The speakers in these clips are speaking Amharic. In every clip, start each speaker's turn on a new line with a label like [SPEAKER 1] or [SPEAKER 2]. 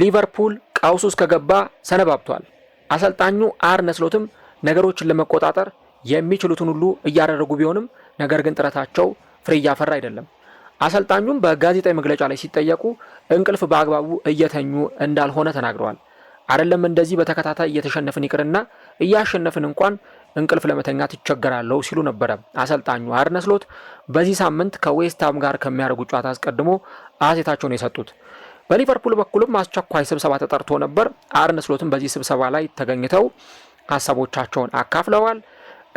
[SPEAKER 1] ሊቨርፑል ቀውስ ውስጥ ከገባ ሰነባብቷል። አሰልጣኙ አርነ ስሎትም ነገሮችን ለመቆጣጠር የሚችሉትን ሁሉ እያደረጉ ቢሆንም ነገር ግን ጥረታቸው ፍሬ እያፈራ አይደለም። አሰልጣኙም በጋዜጣዊ መግለጫ ላይ ሲጠየቁ እንቅልፍ በአግባቡ እየተኙ እንዳልሆነ ተናግረዋል። አይደለም እንደዚህ በተከታታይ እየተሸነፍን ይቅርና እያሸነፍን እንኳን እንቅልፍ ለመተኛት ይቸገራለሁ ሲሉ ነበረ አሰልጣኙ አርነ ስሎት። በዚህ ሳምንት ከዌስትሃም ጋር ከሚያደርጉ ጨዋታ አስቀድሞ አሴታቸውን የሰጡት በሊቨርፑል በኩልም አስቸኳይ ስብሰባ ተጠርቶ ነበር። አርን ስሎትም በዚህ ስብሰባ ላይ ተገኝተው ሀሳቦቻቸውን አካፍለዋል።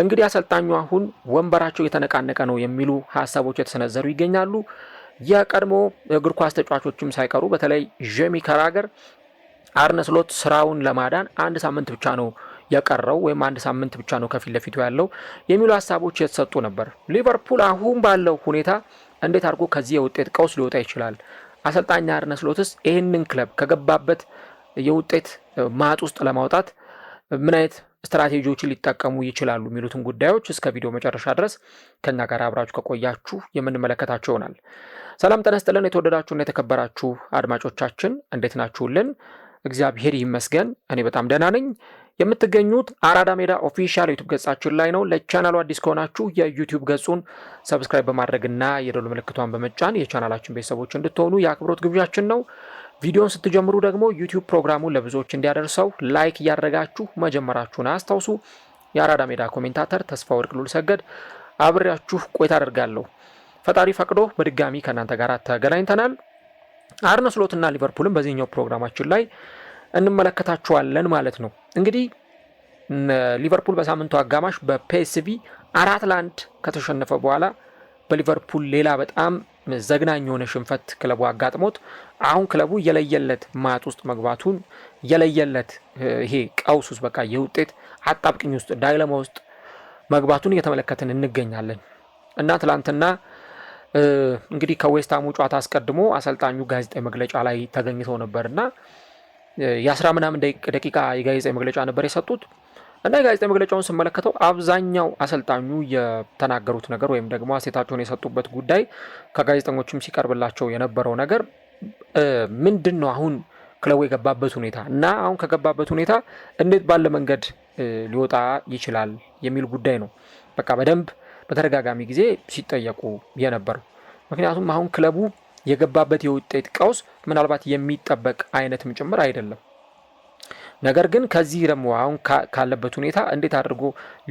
[SPEAKER 1] እንግዲህ አሰልጣኙ አሁን ወንበራቸው የተነቃነቀ ነው የሚሉ ሀሳቦች የተሰነዘሩ ይገኛሉ። የቀድሞ እግር ኳስ ተጫዋቾችም ሳይቀሩ በተለይ ጄሚ ከራገር አርነ ስሎት ስራውን ለማዳን አንድ ሳምንት ብቻ ነው የቀረው ወይም አንድ ሳምንት ብቻ ነው ከፊት ለፊቱ ያለው የሚሉ ሀሳቦች የተሰጡ ነበር። ሊቨርፑል አሁን ባለው ሁኔታ እንዴት አድርጎ ከዚህ የውጤት ቀውስ ሊወጣ ይችላል? አሰልጣኝ አርነ ስሎትስ ይህንን ክለብ ከገባበት የውጤት ማጥ ውስጥ ለማውጣት ምን አይነት ስትራቴጂዎችን ሊጠቀሙ ይችላሉ የሚሉትን ጉዳዮች እስከ ቪዲዮ መጨረሻ ድረስ ከኛ ጋር አብራችሁ ከቆያችሁ የምንመለከታቸው ይሆናል። ሰላም ጠነስጥልን የተወደዳችሁና የተከበራችሁ አድማጮቻችን እንዴት ናችሁልን? እግዚአብሔር ይመስገን እኔ በጣም ደህና ነኝ። የምትገኙት አራዳ ሜዳ ኦፊሻል ዩቱብ ገጻችን ላይ ነው። ለቻናሉ አዲስ ከሆናችሁ የዩቱብ ገጹን ሰብስክራይብ በማድረግና የደወል ምልክቷን በመጫን የቻናላችን ቤተሰቦች እንድትሆኑ የአክብሮት ግብዣችን ነው። ቪዲዮን ስትጀምሩ ደግሞ ዩቱብ ፕሮግራሙን ለብዙዎች እንዲያደርሰው ላይክ እያደረጋችሁ መጀመራችሁን አስታውሱ። የአራዳ ሜዳ ኮሜንታተር ተስፋ ወርቅ ሉል ሰገድ አብሬያችሁ ቆይታ አደርጋለሁ። ፈጣሪ ፈቅዶ በድጋሚ ከእናንተ ጋር ተገናኝተናል። አርነ ስሎትና ሊቨርፑልን በዚህኛው ፕሮግራማችን ላይ እንመለከታቸዋለን ማለት ነው። እንግዲህ ሊቨርፑል በሳምንቱ አጋማሽ በፒኤስቪ አራት ለአንድ ከተሸነፈ በኋላ በሊቨርፑል ሌላ በጣም ዘግናኝ የሆነ ሽንፈት ክለቡ አጋጥሞት አሁን ክለቡ የለየለት ማጥ ውስጥ መግባቱን የለየለት ይሄ ቀውስ ውስጥ በቃ የውጤት አጣብቅኝ ውስጥ ዳይለማ ውስጥ መግባቱን እየተመለከትን እንገኛለን እና ትላንትና እንግዲህ ከዌስትሃሙ ጨዋታ አስቀድሞ አሰልጣኙ ጋዜጣዊ መግለጫ ላይ ተገኝተው ነበርና የአስራ ምናምን ደቂቃ የጋዜጣ መግለጫ ነበር የሰጡት እና የጋዜጣ መግለጫውን ስመለከተው አብዛኛው አሰልጣኙ የተናገሩት ነገር ወይም ደግሞ አስተያየታቸውን የሰጡበት ጉዳይ ከጋዜጠኞችም ሲቀርብላቸው የነበረው ነገር ምንድን ነው አሁን ክለቡ የገባበት ሁኔታ እና አሁን ከገባበት ሁኔታ እንዴት ባለ መንገድ ሊወጣ ይችላል የሚል ጉዳይ ነው። በቃ በደንብ በተደጋጋሚ ጊዜ ሲጠየቁ የነበረው ምክንያቱም አሁን ክለቡ የገባበት የውጤት ቀውስ ምናልባት የሚጠበቅ አይነትም ጭምር አይደለም። ነገር ግን ከዚህ ደግሞ አሁን ካለበት ሁኔታ እንዴት አድርጎ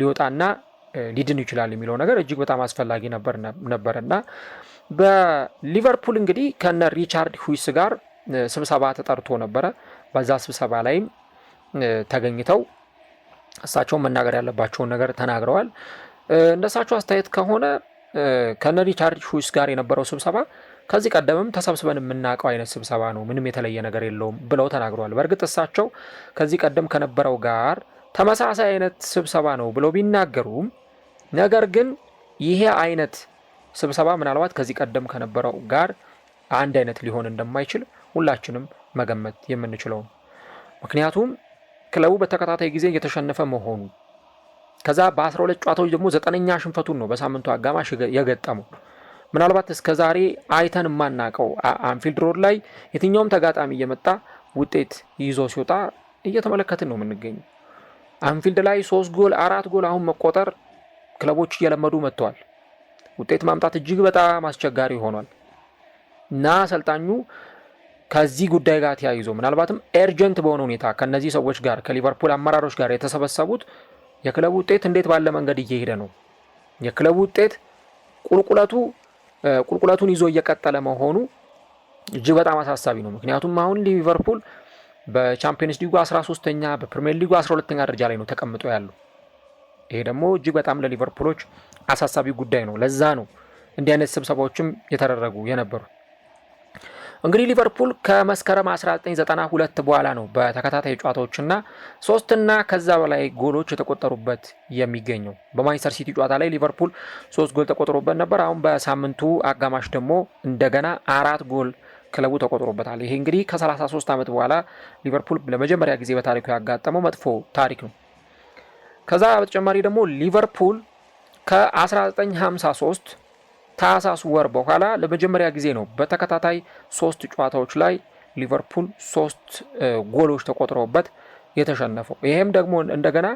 [SPEAKER 1] ሊወጣና ሊድን ይችላል የሚለው ነገር እጅግ በጣም አስፈላጊ ነበር በሊቨርፑል እንግዲህ ከነ ሪቻርድ ሁይስ ጋር ስብሰባ ተጠርቶ ነበረ። በዛ ስብሰባ ላይም ተገኝተው እሳቸው መናገር ያለባቸውን ነገር ተናግረዋል። እንደሳቸው አስተያየት ከሆነ ከነ ሪቻርድ ሁይስ ጋር የነበረው ስብሰባ ከዚህ ቀደምም ተሰብስበን የምናውቀው አይነት ስብሰባ ነው፣ ምንም የተለየ ነገር የለውም ብለው ተናግረዋል። በእርግጥ እሳቸው ከዚህ ቀደም ከነበረው ጋር ተመሳሳይ አይነት ስብሰባ ነው ብለው ቢናገሩም ነገር ግን ይሄ አይነት ስብሰባ ምናልባት ከዚህ ቀደም ከነበረው ጋር አንድ አይነት ሊሆን እንደማይችል ሁላችንም መገመት የምንችለው ነው። ምክንያቱም ክለቡ በተከታታይ ጊዜ እየተሸነፈ መሆኑ ከዛ በ12 ጨዋታዎች ደግሞ ዘጠነኛ ሽንፈቱን ነው በሳምንቱ አጋማሽ የገጠመው። ምናልባት እስከ ዛሬ አይተን የማናቀው አንፊልድ ሮድ ላይ የትኛውም ተጋጣሚ እየመጣ ውጤት ይዞ ሲወጣ እየተመለከትን ነው የምንገኘው። አንፊልድ ላይ ሶስት ጎል አራት ጎል አሁን መቆጠር ክለቦች እየለመዱ መጥተዋል። ውጤት ማምጣት እጅግ በጣም አስቸጋሪ ሆኗል እና አሰልጣኙ ከዚህ ጉዳይ ጋር ተያይዞ ምናልባትም ኤርጀንት በሆነ ሁኔታ ከነዚህ ሰዎች ጋር ከሊቨርፑል አመራሮች ጋር የተሰበሰቡት የክለቡ ውጤት እንዴት ባለ መንገድ እየሄደ ነው፣ የክለቡ ውጤት ቁልቁለቱ ቁልቁለቱን ይዞ እየቀጠለ መሆኑ እጅግ በጣም አሳሳቢ ነው። ምክንያቱም አሁን ሊቨርፑል በቻምፒየንስ ሊጉ 13ተኛ በፕሪሚየር ሊጉ 12ተኛ ደረጃ ላይ ነው ተቀምጦ ያሉ። ይሄ ደግሞ እጅግ በጣም ለሊቨርፑሎች አሳሳቢ ጉዳይ ነው። ለዛ ነው እንዲህ አይነት ስብሰባዎችም የተደረጉ የነበሩ እንግዲህ ሊቨርፑል ከመስከረም 1992 በኋላ ነው በተከታታይ ጨዋታዎችና ሶስትና ከዛ በላይ ጎሎች የተቆጠሩበት የሚገኘው። በማንቸስተር ሲቲ ጨዋታ ላይ ሊቨርፑል ሶስት ጎል ተቆጥሮበት ነበር። አሁን በሳምንቱ አጋማሽ ደግሞ እንደገና አራት ጎል ክለቡ ተቆጥሮበታል። ይሄ እንግዲህ ከ33 ዓመት በኋላ ሊቨርፑል ለመጀመሪያ ጊዜ በታሪኩ ያጋጠመው መጥፎ ታሪክ ነው። ከዛ በተጨማሪ ደግሞ ሊቨርፑል ከ1953 ታህሳስ ወር በኋላ ለመጀመሪያ ጊዜ ነው በተከታታይ ሶስት ጨዋታዎች ላይ ሊቨርፑል ሶስት ጎሎች ተቆጥረውበት የተሸነፈው። ይሄም ደግሞ እንደገና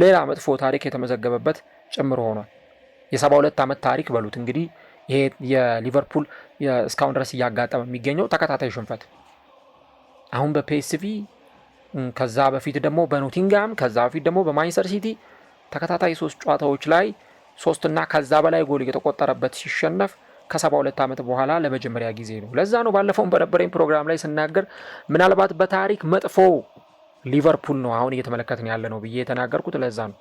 [SPEAKER 1] ሌላ መጥፎ ታሪክ የተመዘገበበት ጭምር ሆኗል። የሰባ ሁለት ዓመት ታሪክ በሉት እንግዲህ ይሄ የሊቨርፑል እስካሁን ድረስ እያጋጠመ የሚገኘው ተከታታይ ሽንፈት አሁን በፒኤስቪ ከዛ በፊት ደግሞ በኖቲንጋም ከዛ በፊት ደግሞ በማንቸስተር ሲቲ ተከታታይ ሶስት ጨዋታዎች ላይ ሶስትና ከዛ በላይ ጎል የተቆጠረበት ሲሸነፍ ከሰባ ሁለት ዓመት በኋላ ለመጀመሪያ ጊዜ ነው። ለዛ ነው ባለፈውም በነበረኝ ፕሮግራም ላይ ስናገር ምናልባት በታሪክ መጥፎ ሊቨርፑል ነው አሁን እየተመለከትን ያለ ነው ብዬ የተናገርኩት ለዛ ነው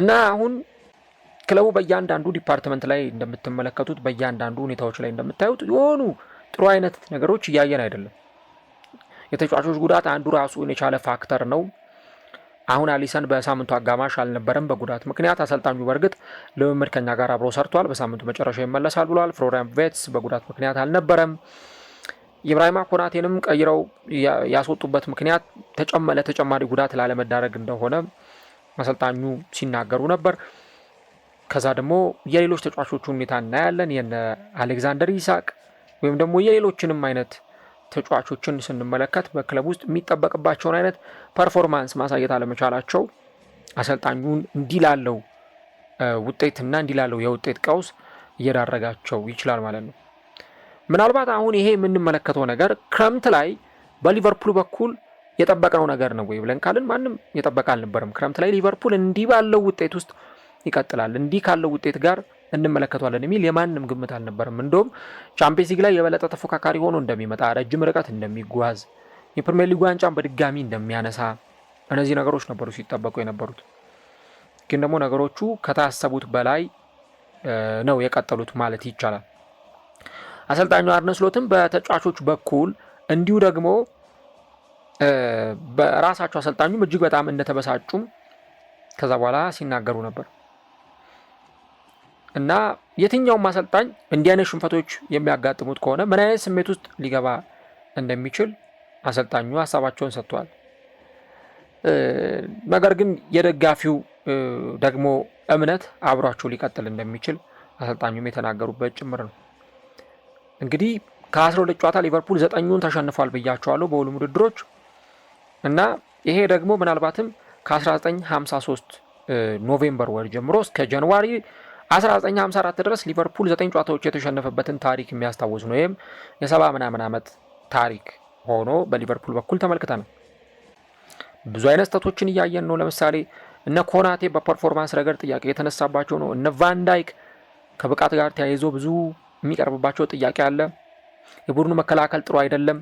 [SPEAKER 1] እና አሁን ክለቡ በእያንዳንዱ ዲፓርትመንት ላይ እንደምትመለከቱት በእያንዳንዱ ሁኔታዎች ላይ እንደምታዩት የሆኑ ጥሩ አይነት ነገሮች እያየን አይደለም። የተጫዋቾች ጉዳት አንዱ ራሱን የቻለ ፋክተር ነው። አሁን አሊሰን በሳምንቱ አጋማሽ አልነበረም በጉዳት ምክንያት። አሰልጣኙ በእርግጥ ልምምድ ከኛ ጋር አብሮ ሰርቷል፣ በሳምንቱ መጨረሻ ይመለሳል ብሏል። ፍሎሪያን ቬትስ በጉዳት ምክንያት አልነበረም። ኢብራሂማ ኮናቴንም ቀይረው ያስወጡበት ምክንያት ተጨመለ ተጨማሪ ጉዳት ላለመዳረግ እንደሆነ አሰልጣኙ ሲናገሩ ነበር። ከዛ ደግሞ የሌሎች ተጫዋቾቹ ሁኔታ እናያለን። የነ አሌክዛንደር ይስቅ ወይም ደግሞ የሌሎችንም አይነት ተጫዋቾችን ስንመለከት በክለብ ውስጥ የሚጠበቅባቸውን አይነት ፐርፎርማንስ ማሳየት አለመቻላቸው አሰልጣኙን እንዲላለው ውጤትና እንዲላለው የውጤት ቀውስ እየዳረጋቸው ይችላል ማለት ነው። ምናልባት አሁን ይሄ የምንመለከተው ነገር ክረምት ላይ በሊቨርፑል በኩል የጠበቅነው ነገር ነው ወይ ብለን ካልን ማንም የጠበቀ አልነበርም። ክረምት ላይ ሊቨርፑል እንዲህ ባለው ውጤት ውስጥ ይቀጥላል፣ እንዲህ ካለው ውጤት ጋር እንመለከተዋለን የሚል የማንም ግምት አልነበርም። እንደውም ቻምፒየንስ ሊግ ላይ የበለጠ ተፎካካሪ ሆኖ እንደሚመጣ፣ ረጅም ርቀት እንደሚጓዝ፣ የፕሪሚየር ሊግ ዋንጫን በድጋሚ እንደሚያነሳ እነዚህ ነገሮች ነበሩ ሲጠበቁ የነበሩት። ግን ደግሞ ነገሮቹ ከታሰቡት በላይ ነው የቀጠሉት ማለት ይቻላል። አሰልጣኙ አርነ ስሎትም በተጫዋቾች በኩል እንዲሁ ደግሞ በራሳቸው አሰልጣኙም እጅግ በጣም እንደተበሳጩም ከዛ በኋላ ሲናገሩ ነበር። እና የትኛውም አሰልጣኝ እንዲህ አይነት ሽንፈቶች የሚያጋጥሙት ከሆነ ምን አይነት ስሜት ውስጥ ሊገባ እንደሚችል አሰልጣኙ ሀሳባቸውን ሰጥቷል። ነገር ግን የደጋፊው ደግሞ እምነት አብሯቸው ሊቀጥል እንደሚችል አሰልጣኙም የተናገሩበት ጭምር ነው። እንግዲህ ከአስራ ሁለት ጨዋታ ሊቨርፑል ዘጠኙን ተሸንፏል ብያቸዋለሁ በሁሉም ውድድሮች እና ይሄ ደግሞ ምናልባትም ከ1953 ኖቬምበር ወር ጀምሮ እስከ ጃንዋሪ 1954 ድረስ ሊቨርፑል ዘጠኝ ጨዋታዎች የተሸነፈበትን ታሪክ የሚያስታውስ ነው። ይህም የሰባ ምናምን ዓመት ታሪክ ሆኖ በሊቨርፑል በኩል ነው። ብዙ አይነት ስህተቶችን እያየን ነው። ለምሳሌ እነ ኮናቴ በፐርፎርማንስ ረገድ ጥያቄ የተነሳባቸው ነው። እነ ቫንዳይክ ከብቃት ጋር ተያይዞ ብዙ የሚቀርብባቸው ጥያቄ አለ። የቡድኑ መከላከል ጥሩ አይደለም።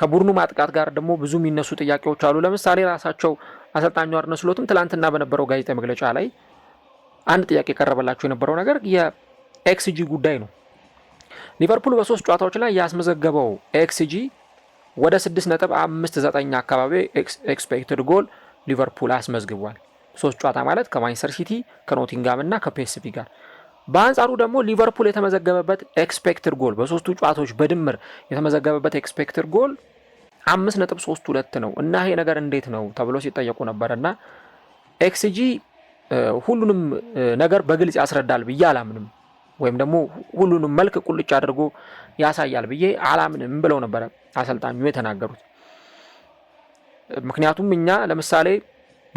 [SPEAKER 1] ከቡድኑ ማጥቃት ጋር ደግሞ ብዙ የሚነሱ ጥያቄዎች አሉ። ለምሳሌ ራሳቸው አሰልጣኙ አርነ ስሎትም ትላንትና በነበረው ጋዜጣ መግለጫ ላይ አንድ ጥያቄ የቀረበላቸው የነበረው ነገር የኤክስጂ ጉዳይ ነው። ሊቨርፑል በሶስት ጨዋታዎች ላይ ያስመዘገበው ኤክስጂ ወደ 6.59 አካባቢ ኤክስፔክትድ ጎል ሊቨርፑል አስመዝግቧል። ሶስት ጨዋታ ማለት ከማንቸስተር ሲቲ ከኖቲንጋም እና ከፒኤስቪ ጋር። በአንጻሩ ደግሞ ሊቨርፑል የተመዘገበበት ኤክስፔክትድ ጎል በሶስቱ ጨዋታዎች በድምር የተመዘገበበት ኤክስፔክትድ ጎል 5.32 ነው እና ይሄ ነገር እንዴት ነው ተብሎ ሲጠየቁ ነበር እና ኤክስጂ ሁሉንም ነገር በግልጽ ያስረዳል ብዬ አላምንም፣ ወይም ደግሞ ሁሉንም መልክ ቁልጭ አድርጎ ያሳያል ብዬ አላምንም ብለው ነበረ አሰልጣኙ የተናገሩት። ምክንያቱም እኛ ለምሳሌ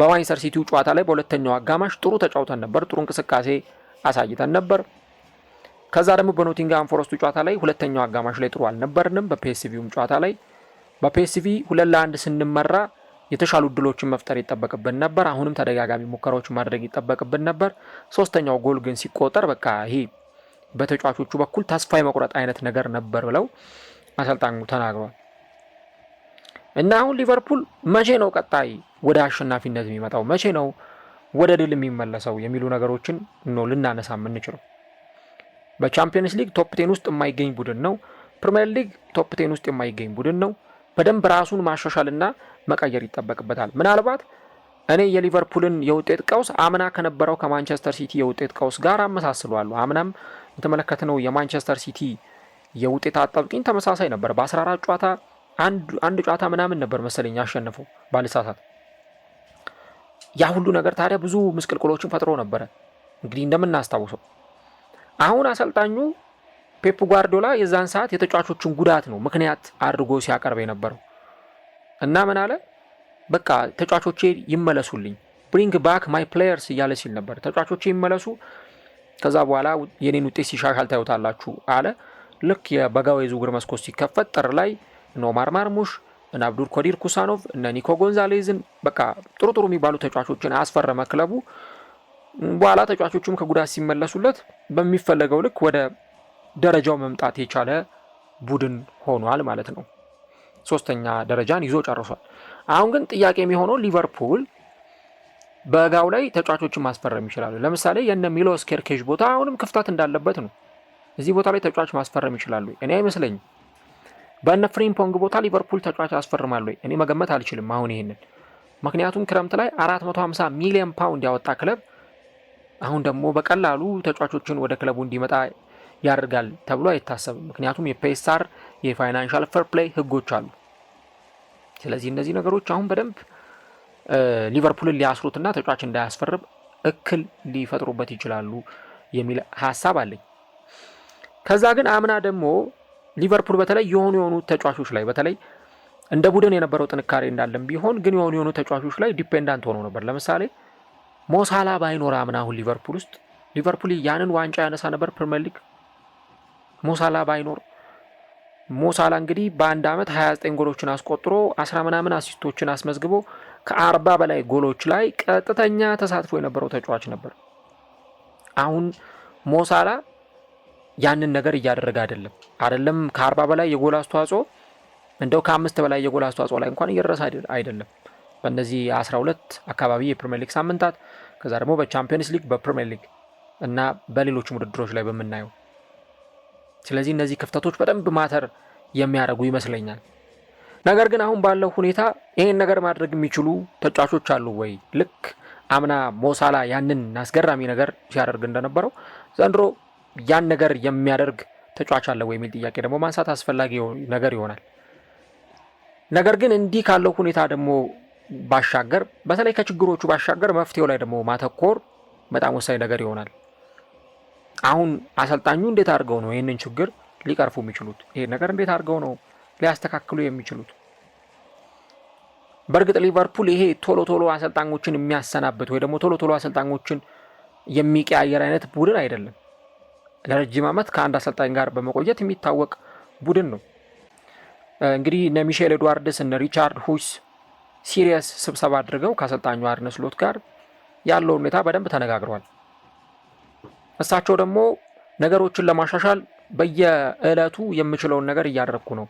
[SPEAKER 1] በማንቸስተር ሲቲው ጨዋታ ላይ በሁለተኛው አጋማሽ ጥሩ ተጫውተን ነበር፣ ጥሩ እንቅስቃሴ አሳይተን ነበር። ከዛ ደግሞ በኖቲንግሃም ፎረስቱ ጨዋታ ላይ ሁለተኛው አጋማሽ ላይ ጥሩ አልነበርንም። በፒኤስቪውም ጨዋታ ላይ በፒኤስቪ ሁለት ለአንድ ስንመራ የተሻሉ እድሎችን መፍጠር ይጠበቅብን ነበር። አሁንም ተደጋጋሚ ሙከራዎች ማድረግ ይጠበቅብን ነበር። ሶስተኛው ጎል ግን ሲቆጠር በቃ ይሄ በተጫዋቾቹ በኩል ተስፋ የመቁረጥ አይነት ነገር ነበር ብለው አሰልጣኙ ተናግሯል። እና አሁን ሊቨርፑል መቼ ነው ቀጣይ ወደ አሸናፊነት የሚመጣው? መቼ ነው ወደ ድል የሚመለሰው? የሚሉ ነገሮችን ነው ልናነሳ የምንችለው። በቻምፒየንስ ሊግ ቶፕ ቴን ውስጥ የማይገኝ ቡድን ነው። ፕሪምየር ሊግ ቶፕ ቴን ውስጥ የማይገኝ ቡድን ነው። በደንብ ራሱን ማሻሻልና መቀየር ይጠበቅበታል። ምናልባት እኔ የሊቨርፑልን የውጤት ቀውስ አምና ከነበረው ከማንቸስተር ሲቲ የውጤት ቀውስ ጋር አመሳስሏሉ። አምናም የተመለከትነው የማንቸስተር ሲቲ የውጤት አጣብቂኝ ተመሳሳይ ነበር። በ14 ጨዋታ አንድ ጨዋታ ምናምን ነበር መሰለኝ ያሸነፈው ባልሳሳት። ያ ሁሉ ነገር ታዲያ ብዙ ምስቅልቅሎችን ፈጥሮ ነበረ። እንግዲህ እንደምናስታውሰው አሁን አሰልጣኙ ፔፕ ጓርዶላ የዛን ሰዓት የተጫዋቾችን ጉዳት ነው ምክንያት አድርጎ ሲያቀርብ የነበረው እና ምን አለ በቃ ተጫዋቾቼ ይመለሱልኝ ብሪንግ ባክ ማይ ፕሌየርስ እያለ ሲል ነበር። ተጫዋቾቼ ይመለሱ፣ ከዛ በኋላ የኔን ውጤት ሲሻሻል ታዩታላችሁ አለ። ልክ የበጋው የዝውውር መስኮት ሲከፈት ጥር ላይ እነ ኦማር ማርሙሽ እነ አብዱል ኮዲር ኩሳኖቭ እነ ኒኮ ጎንዛሌዝን በቃ ጥሩ ጥሩ የሚባሉ ተጫዋቾችን አስፈረመ ክለቡ። በኋላ ተጫዋቾቹም ከጉዳት ሲመለሱለት በሚፈለገው ልክ ወደ ደረጃው መምጣት የቻለ ቡድን ሆኗል ማለት ነው። ሶስተኛ ደረጃን ይዞ ጨርሷል። አሁን ግን ጥያቄ የሚሆነው ሊቨርፑል በጋው ላይ ተጫዋቾችን ማስፈረም ይችላሉ። ለምሳሌ የነ ሚሎስ ኬርኬዥ ቦታ አሁንም ክፍተት እንዳለበት ነው። እዚህ ቦታ ላይ ተጫዋች ማስፈረም ይችላሉ? እኔ አይመስለኝም። በነ ፍሪምፖንግ ቦታ ሊቨርፑል ተጫዋች ያስፈርማሉ? እኔ መገመት አልችልም አሁን ይህንን ምክንያቱም ክረምት ላይ 450 ሚሊዮን ፓውንድ ያወጣ ክለብ አሁን ደግሞ በቀላሉ ተጫዋቾችን ወደ ክለቡ እንዲመጣ ያደርጋል ተብሎ አይታሰብም። ምክንያቱም የፔሳር የፋይናንሻል ፈር ፕሌይ ህጎች አሉ። ስለዚህ እነዚህ ነገሮች አሁን በደንብ ሊቨርፑልን ሊያስሩትና ተጫዋች እንዳያስፈርም እክል ሊፈጥሩበት ይችላሉ የሚል ሀሳብ አለኝ። ከዛ ግን አምና ደግሞ ሊቨርፑል በተለይ የሆኑ የሆኑ ተጫዋቾች ላይ በተለይ እንደ ቡድን የነበረው ጥንካሬ እንዳለም ቢሆን ግን የሆኑ የሆኑ ተጫዋቾች ላይ ዲፔንዳንት ሆነው ነበር። ለምሳሌ ሞሳላ ባይኖር አምና አሁን ሊቨርፑል ውስጥ ሊቨርፑል ያንን ዋንጫ ያነሳ ነበር ፕሪምየር ሊግ ሞሳላ ባይኖር ሞሳላ እንግዲህ በአንድ አመት 29 ጎሎችን አስቆጥሮ አስራ ምናምን አሲስቶችን አስመዝግቦ ከአርባ በላይ ጎሎች ላይ ቀጥተኛ ተሳትፎ የነበረው ተጫዋች ነበር። አሁን ሞሳላ ያንን ነገር እያደረገ አይደለም። አይደለም ከአርባ በላይ የጎል አስተዋጽኦ እንደው ከአምስት በላይ የጎል አስተዋጽኦ ላይ እንኳን እየደረሰ አይደለም። በእነዚህ 12 አካባቢ የፕሪሚየር ሊግ ሳምንታት ከዛ ደግሞ በቻምፒየንስ ሊግ፣ በፕሪሚየር ሊግ እና በሌሎችም ውድድሮች ላይ በምናየው ስለዚህ እነዚህ ክፍተቶች በደንብ ማተር የሚያደርጉ ይመስለኛል። ነገር ግን አሁን ባለው ሁኔታ ይህን ነገር ማድረግ የሚችሉ ተጫዋቾች አሉ ወይ? ልክ አምና ሞሳላ ያንን አስገራሚ ነገር ሲያደርግ እንደነበረው ዘንድሮ ያን ነገር የሚያደርግ ተጫዋች አለ ወይ የሚል ጥያቄ ደግሞ ማንሳት አስፈላጊ ነገር ይሆናል። ነገር ግን እንዲህ ካለው ሁኔታ ደግሞ ባሻገር በተለይ ከችግሮቹ ባሻገር መፍትሄው ላይ ደግሞ ማተኮር በጣም ወሳኝ ነገር ይሆናል። አሁን አሰልጣኙ እንዴት አድርገው ነው ይህንን ችግር ሊቀርፉ የሚችሉት? ይሄ ነገር እንዴት አድርገው ነው ሊያስተካክሉ የሚችሉት? በእርግጥ ሊቨርፑል ይሄ ቶሎ ቶሎ አሰልጣኞችን የሚያሰናበት ወይ ደግሞ ቶሎ ቶሎ አሰልጣኞችን የሚቀያየር አይነት ቡድን አይደለም። ለረጅም ዓመት ከአንድ አሰልጣኝ ጋር በመቆየት የሚታወቅ ቡድን ነው። እንግዲህ እነ ሚሼል ኤድዋርድስ እነ ሪቻርድ ሁስ ሲሪየስ ስብሰባ አድርገው ከአሰልጣኙ አርነ ስሎት ጋር ያለው ሁኔታ በደንብ ተነጋግሯል። እሳቸው ደግሞ ነገሮችን ለማሻሻል በየእለቱ የምችለውን ነገር እያደረግኩ ነው፣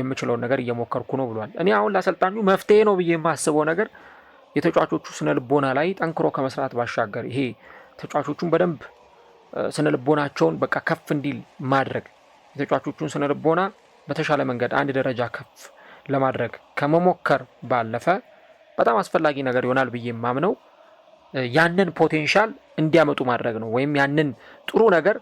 [SPEAKER 1] የምችለውን ነገር እየሞከርኩ ነው ብሏል። እኔ አሁን ለአሰልጣኙ መፍትሄ ነው ብዬ የማስበው ነገር የተጫዋቾቹ ስነ ልቦና ላይ ጠንክሮ ከመስራት ባሻገር ይሄ ተጫዋቾቹን በደንብ ስነ ልቦናቸውን በቃ ከፍ እንዲል ማድረግ የተጫዋቾቹን ስነ ልቦና በተሻለ መንገድ አንድ ደረጃ ከፍ ለማድረግ ከመሞከር ባለፈ በጣም አስፈላጊ ነገር ይሆናል ብዬ የማምነው ያንን ፖቴንሻል እንዲያመጡ ማድረግ ነው። ወይም ያንን ጥሩ ነገር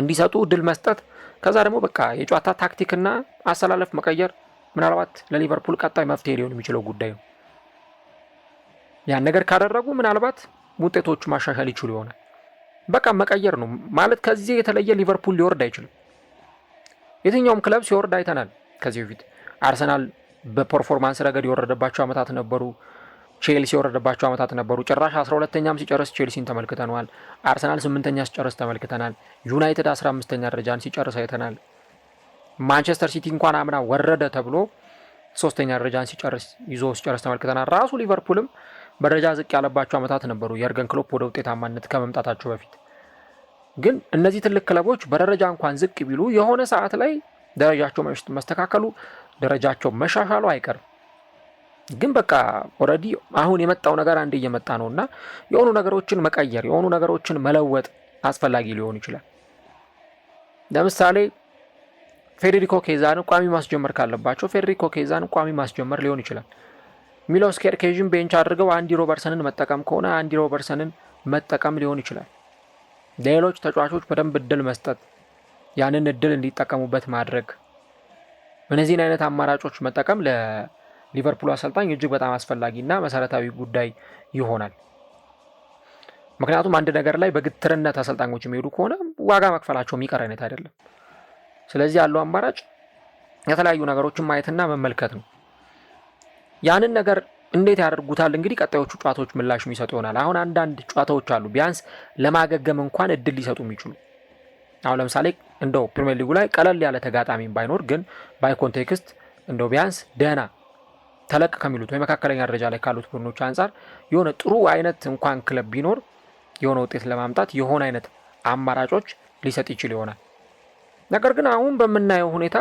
[SPEAKER 1] እንዲሰጡ ድል መስጠት፣ ከዛ ደግሞ በቃ የጨዋታ ታክቲክና አሰላለፍ መቀየር ምናልባት ለሊቨርፑል ቀጣይ መፍትሄ ሊሆን የሚችለው ጉዳይ ነው። ያን ነገር ካደረጉ ምናልባት ውጤቶቹ ማሻሻል ይችሉ ይሆናል። በቃ መቀየር ነው ማለት ከዚህ የተለየ ሊቨርፑል ሊወርድ አይችልም። የትኛውም ክለብ ሲወርድ አይተናል ከዚህ በፊት አርሰናል በፐርፎርማንስ ረገድ የወረደባቸው ዓመታት ነበሩ። ቼልሲ የወረደባቸው ዓመታት ነበሩ። ጭራሽ 12ተኛም ሲጨርስ ቼልሲን ተመልክተነዋል። አርሰናል 8 ሲጨርስ ተመልክተናል። ዩናይትድ 15 አምስተኛ ደረጃን ሲጨርስ አይተናል። ማንቸስተር ሲቲ እንኳን አምና ወረደ ተብሎ ሶስተኛ ደረጃን ሲጨርስ ይዞ ሲጨርስ ተመልክተናል። ራሱ ሊቨርፑልም በደረጃ ዝቅ ያለባቸው ዓመታት ነበሩ የእርገን ክሎፕ ወደ ውጤታማነት ከመምጣታቸው በፊት። ግን እነዚህ ትልቅ ክለቦች በደረጃ እንኳን ዝቅ ቢሉ የሆነ ሰዓት ላይ ደረጃቸው መስተካከሉ፣ ደረጃቸው መሻሻሉ አይቀርም። ግን በቃ ኦልሬዲ አሁን የመጣው ነገር አንድ እየመጣ ነው እና የሆኑ ነገሮችን መቀየር የሆኑ ነገሮችን መለወጥ አስፈላጊ ሊሆን ይችላል። ለምሳሌ ፌዴሪኮ ኬዛን ቋሚ ማስጀመር ካለባቸው ፌዴሪኮ ኬዛን ቋሚ ማስጀመር ሊሆን ይችላል። ሚሎስ ኬርኬዥን ቤንች አድርገው አንዲ ሮበርሰንን መጠቀም ከሆነ አንዲ ሮበርሰንን መጠቀም ሊሆን ይችላል። ሌሎች ተጫዋቾች በደንብ እድል መስጠት፣ ያንን እድል እንዲጠቀሙበት ማድረግ፣ እነዚህን አይነት አማራጮች መጠቀም ሊቨርፑል አሰልጣኝ እጅግ በጣም አስፈላጊና መሰረታዊ ጉዳይ ይሆናል። ምክንያቱም አንድ ነገር ላይ በግትርነት አሰልጣኞች የሚሄዱ ከሆነ ዋጋ መክፈላቸው የሚቀር አይነት አይደለም። ስለዚህ ያለው አማራጭ የተለያዩ ነገሮችን ማየትና መመልከት ነው። ያንን ነገር እንዴት ያደርጉታል እንግዲህ ቀጣዮቹ ጨዋታዎች ምላሽ የሚሰጡ ይሆናል። አሁን አንዳንድ ጨዋታዎች አሉ ቢያንስ ለማገገም እንኳን እድል ሊሰጡ የሚችሉ አሁን ለምሳሌ እንደው ፕሪሚየር ሊጉ ላይ ቀለል ያለ ተጋጣሚ ባይኖር ግን ባይ ኮንቴክስት እንደው ቢያንስ ደህና ተለቅ ከሚሉት ወይ መካከለኛ ደረጃ ላይ ካሉት ቡድኖች አንጻር የሆነ ጥሩ አይነት እንኳን ክለብ ቢኖር የሆነ ውጤት ለማምጣት የሆነ አይነት አማራጮች ሊሰጥ ይችል ይሆናል። ነገር ግን አሁን በምናየው ሁኔታ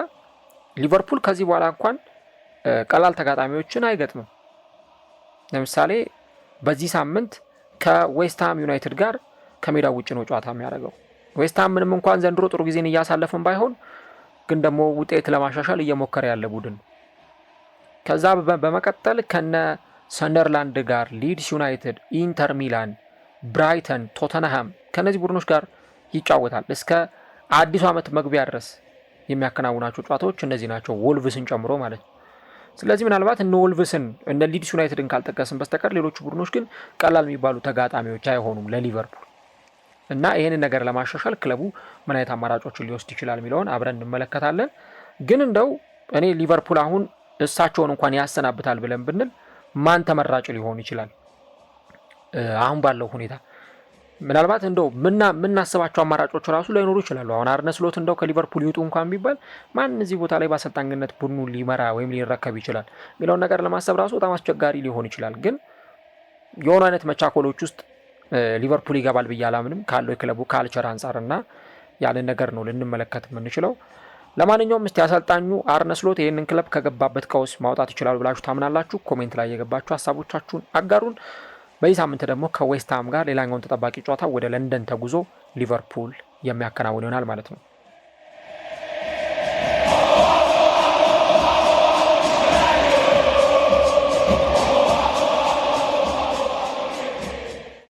[SPEAKER 1] ሊቨርፑል ከዚህ በኋላ እንኳን ቀላል ተጋጣሚዎችን አይገጥምም። ለምሳሌ በዚህ ሳምንት ከዌስትሃም ዩናይትድ ጋር ከሜዳ ውጭ ነው ጨዋታ የሚያደርገው። ዌስትሃም ምንም እንኳን ዘንድሮ ጥሩ ጊዜን እያሳለፍን ባይሆን ግን ደግሞ ውጤት ለማሻሻል እየሞከረ ያለ ቡድን ነው። ከዛ በመቀጠል ከነ ሰንደርላንድ ጋር፣ ሊድስ ዩናይትድ፣ ኢንተር ሚላን፣ ብራይተን፣ ቶተንሃም ከእነዚህ ቡድኖች ጋር ይጫወታል። እስከ አዲሱ ዓመት መግቢያ ድረስ የሚያከናውናቸው ጨዋታዎች እነዚህ ናቸው፣ ወልቭስን ጨምሮ ማለት ነው። ስለዚህ ምናልባት እነ ወልቭስን እነ ሊድስ ዩናይትድን ካልጠቀስን በስተቀር ሌሎቹ ቡድኖች ግን ቀላል የሚባሉ ተጋጣሚዎች አይሆኑም ለሊቨርፑል እና ይህንን ነገር ለማሻሻል ክለቡ ምን አይነት አማራጮችን ሊወስድ ይችላል የሚለውን አብረን እንመለከታለን። ግን እንደው እኔ ሊቨርፑል አሁን እሳቸውን እንኳን ያሰናብታል ብለን ብንል ማን ተመራጭ ሊሆን ይችላል? አሁን ባለው ሁኔታ ምናልባት እንደው የምናስባቸው አማራጮች ራሱ ላይኖሩ ይችላሉ። አሁን አርነ ስሎት እንደው ከሊቨርፑል ይውጡ እንኳን ቢባል ማን እዚህ ቦታ ላይ በአሰልጣኝነት ቡድኑ ሊመራ ወይም ሊረከብ ይችላል የሚለውን ነገር ለማሰብ ራሱ በጣም አስቸጋሪ ሊሆን ይችላል። ግን የሆኑ አይነት መቻኮሎች ውስጥ ሊቨርፑል ይገባል ብዬ አላምንም። ካለው የክለቡ ካልቸር አንጻር እና ያንን ነገር ነው ልንመለከት የምንችለው። ለማንኛውም እስቲ አሰልጣኙ አርነስሎት ይህንን ክለብ ከገባበት ቀውስ ማውጣት ይችላሉ ብላችሁ ታምናላችሁ? ኮሜንት ላይ የገባችሁ ሀሳቦቻችሁን አጋሩን። በዚህ ሳምንት ደግሞ ከዌስትሃም ጋር ሌላኛውን ተጠባቂ ጨዋታ ወደ ለንደን ተጉዞ ሊቨርፑል የሚያከናውን ይሆናል ማለት ነው።